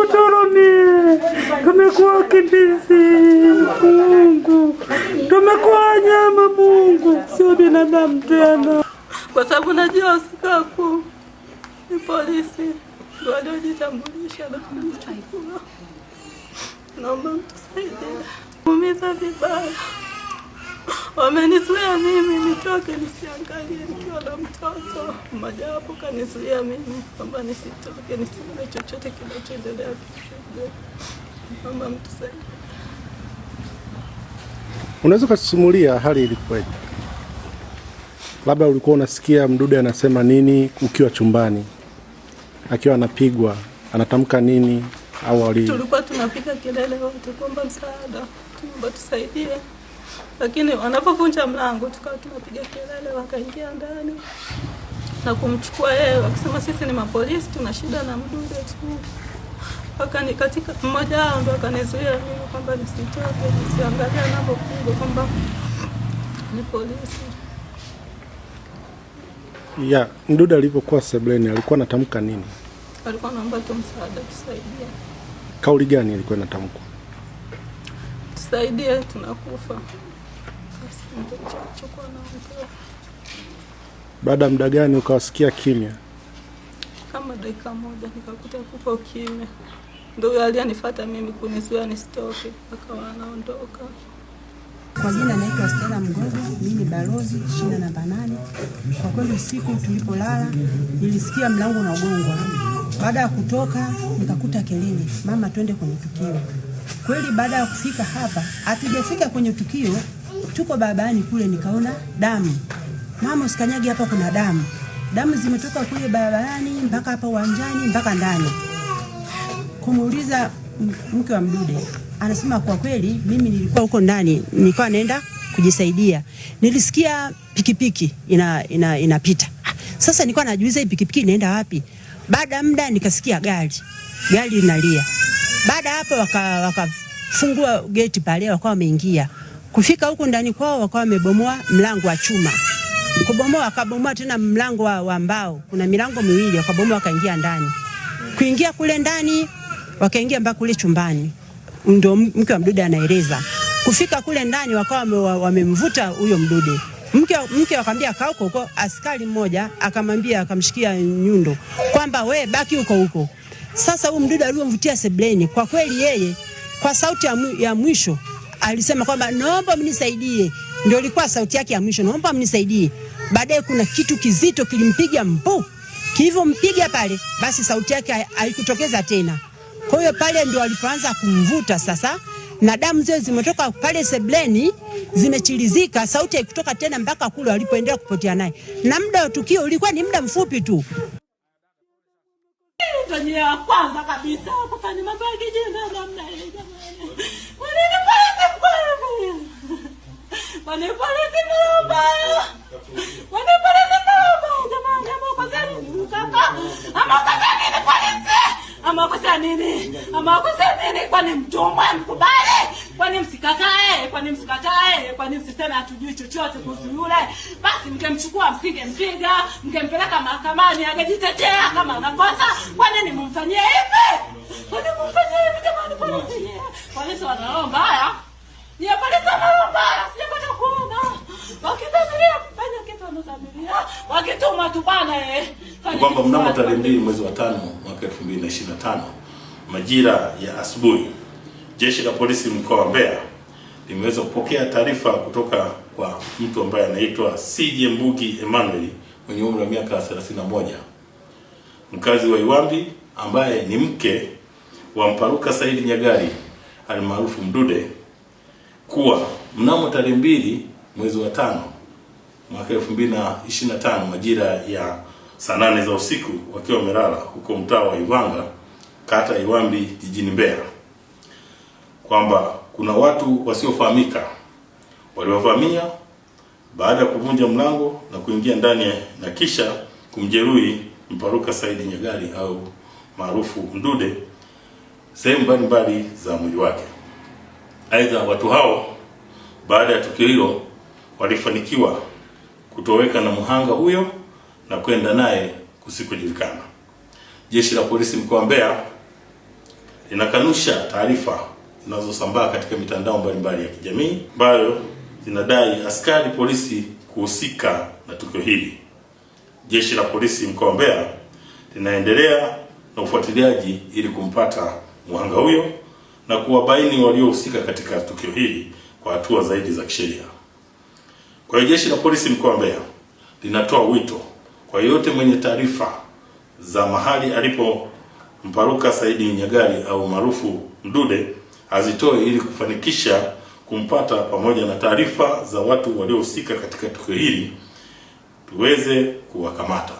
utuhurumie, tumekuwa wakimbizi Mungu, tumekuwa wanyama Mungu, sio binadamu tena, kwa sababu najua usikaku ni polisi ndio waliojitambulisha na kunichukua. Naomba mtusaidie, umiza vibaya Wamenizuia mimi nitoke nisiangalie nikiwa na mtoto. Mmoja wapo kanizuia mimi kwamba nisitoke nisione chochote kinachoendelea. Mama, mtusaidie. Unaweza ukasimulia hali ilikuwaje? Labda ulikuwa unasikia Mdude anasema nini ukiwa chumbani, akiwa anapigwa, anatamka nini? Au tulikuwa tunapiga kelele wote kuomba msaada, tuomba tusaidie lakini wanapovunja mlango tukawa tunapiga kelele, wakaingia ndani na kumchukua yeye, wakisema sisi ni mapolisi, tuna shida na mdude tu. Wakani katika mmoja wao ndo akanizuia mimi kwamba nisitoke, nisiangalia kubwa kwamba ni polisi. Ya mdude alivyokuwa sebleni, alikuwa anatamka nini? Alikuwa anaomba tu msaada, Kauli gani ilikuwa inatamkwa? Tusaidie, tunakufa. Baada ya muda gani ukawasikia kimya? Kama dakika moja, nikakuta kupo kimya, ndo huyo alianifata mimi kunizuia nisitoke, akawa anaondoka. Kwa jina naitwa Stella Mgogo, mimi ni balozi shina namba nane. Kwa kweli usiku tulipolala nilisikia mlango unagongwa. Baada ya kutoka nikakuta kelele, mama, twende kwenye tukio. Kweli baada ya kufika hapa, hatujafika kwenye tukio, tuko barabarani kule, nikaona damu. Mama usikanyage hapa, kuna damu. Damu zimetoka kule barabarani mpaka hapa uwanjani mpaka ndani. Kumuuliza mke wa Mdude, anasema kwa kweli mimi nilikuwa huko ndani, nilikuwa naenda kujisaidia, nilisikia pikipiki ina, ina, inapita. Sasa nilikuwa najiuliza hii pikipiki inaenda wapi? Baada muda nikasikia gari gari linalia baada hapo wakafungua waka geti pale, wakawa wameingia. Kufika huku ndani kwao, wakawa wamebomoa mlango wa chuma, kubomoa wakabomoa tena mlango wa, wa mbao. Kuna milango miwili, wakabomoa wakaingia ndani. Kuingia kule ndani, wakaingia mpaka kule chumbani, ndio mke wa Mdude anaeleza. Kufika kule ndani, wakawa wamemvuta huyo Mdude mke mke akamwambia kaa huko huko. Askari mmoja akamwambia akamshikia nyundo kwamba we baki huko huko. Sasa huyu mdudu aliyomvutia sebleni, kwa kweli yeye kwa sauti ya mwisho alisema kwamba naomba mnisaidie, ndio ilikuwa sauti yake ya mwisho, naomba mnisaidie. Baadaye kuna kitu kizito kilimpiga kivyo mpiga pale, basi sauti yake haikutokeza tena. Kwa hiyo pale ndio alipoanza kumvuta sasa, na damu zile zimetoka pale sebleni zimechirizika, sauti haikutoka tena mpaka kule alipoendelea kupotea naye, na muda wa tukio ulikuwa ni muda mfupi tu. Tanzania wa kwanza kabisa kufanya mambo ya kijinga namna hii jamani. Mwanene polisi mbaya mkweli. Mwanene polisi mbaya. Mwanene polisi mbaya jamani, ama amekosea nini kaka? Ama Amekosea nini polisi? Ama Amekosea nini? Ama Amekosea nini? Kwani mtumwa mkubali? Kwani msikatae? Kwani msikatae? Kwani msiseme hatujui chochote kuhusu yule? Basi mkemchukua msingempiga, mkempeleka mahakamani angejitetea kama anakosa. Kwani ni mumfanyie hivi? Kwani mumfanyie hivi jamani? Kwani polisi wanaroho mbaya? Ni polisi wanaroho mbaya, sijapata kuona. Wakidhamiria kufanya kitu wanadhamiria, wakituma tu bana eh. Kwamba mnamo tarehe mbili mwezi wa tano mwaka tano majira ya asubuhi Jeshi la Polisi mkoa wa Mbeya limeweza kupokea taarifa kutoka kwa mtu ambaye anaitwa CJ Mbugi Emmanuel mwenye umri wa miaka 31 mkazi wa Iwambi ambaye ni mke wa Mparuka Saidi Nyagari almaarufu Mdude kuwa mnamo tarehe mbili mwezi wa tano mwaka tano majira ya saa nane za usiku wakiwa wamelala huko mtaa wa Ivanga kata Iwambi jijini Mbeya kwamba kuna watu wasiofahamika waliovamia baada ya kuvunja mlango na kuingia ndani na kisha kumjeruhi Mparuka Saidi Nyagali au maarufu Mdude sehemu mbalimbali za mwili wake. Aidha, watu hao baada ya tukio hilo walifanikiwa kutoweka na mhanga huyo na kwenda naye kusikojulikana. Jeshi la polisi mkoa wa Mbeya linakanusha taarifa zinazosambaa katika mitandao mbalimbali ya kijamii ambayo zinadai askari polisi kuhusika na tukio hili. Jeshi la polisi mkoa wa Mbeya linaendelea na ufuatiliaji ili kumpata mhanga huyo na kuwabaini waliohusika katika tukio hili kwa hatua zaidi za kisheria. Kwa hiyo jeshi la polisi mkoa wa Mbeya linatoa wito kwa yeyote mwenye taarifa za mahali alipo Mparuka Saidi Nyagali au maarufu Mdude azitoe ili kufanikisha kumpata pamoja na taarifa za watu waliohusika katika tukio hili tuweze kuwakamata.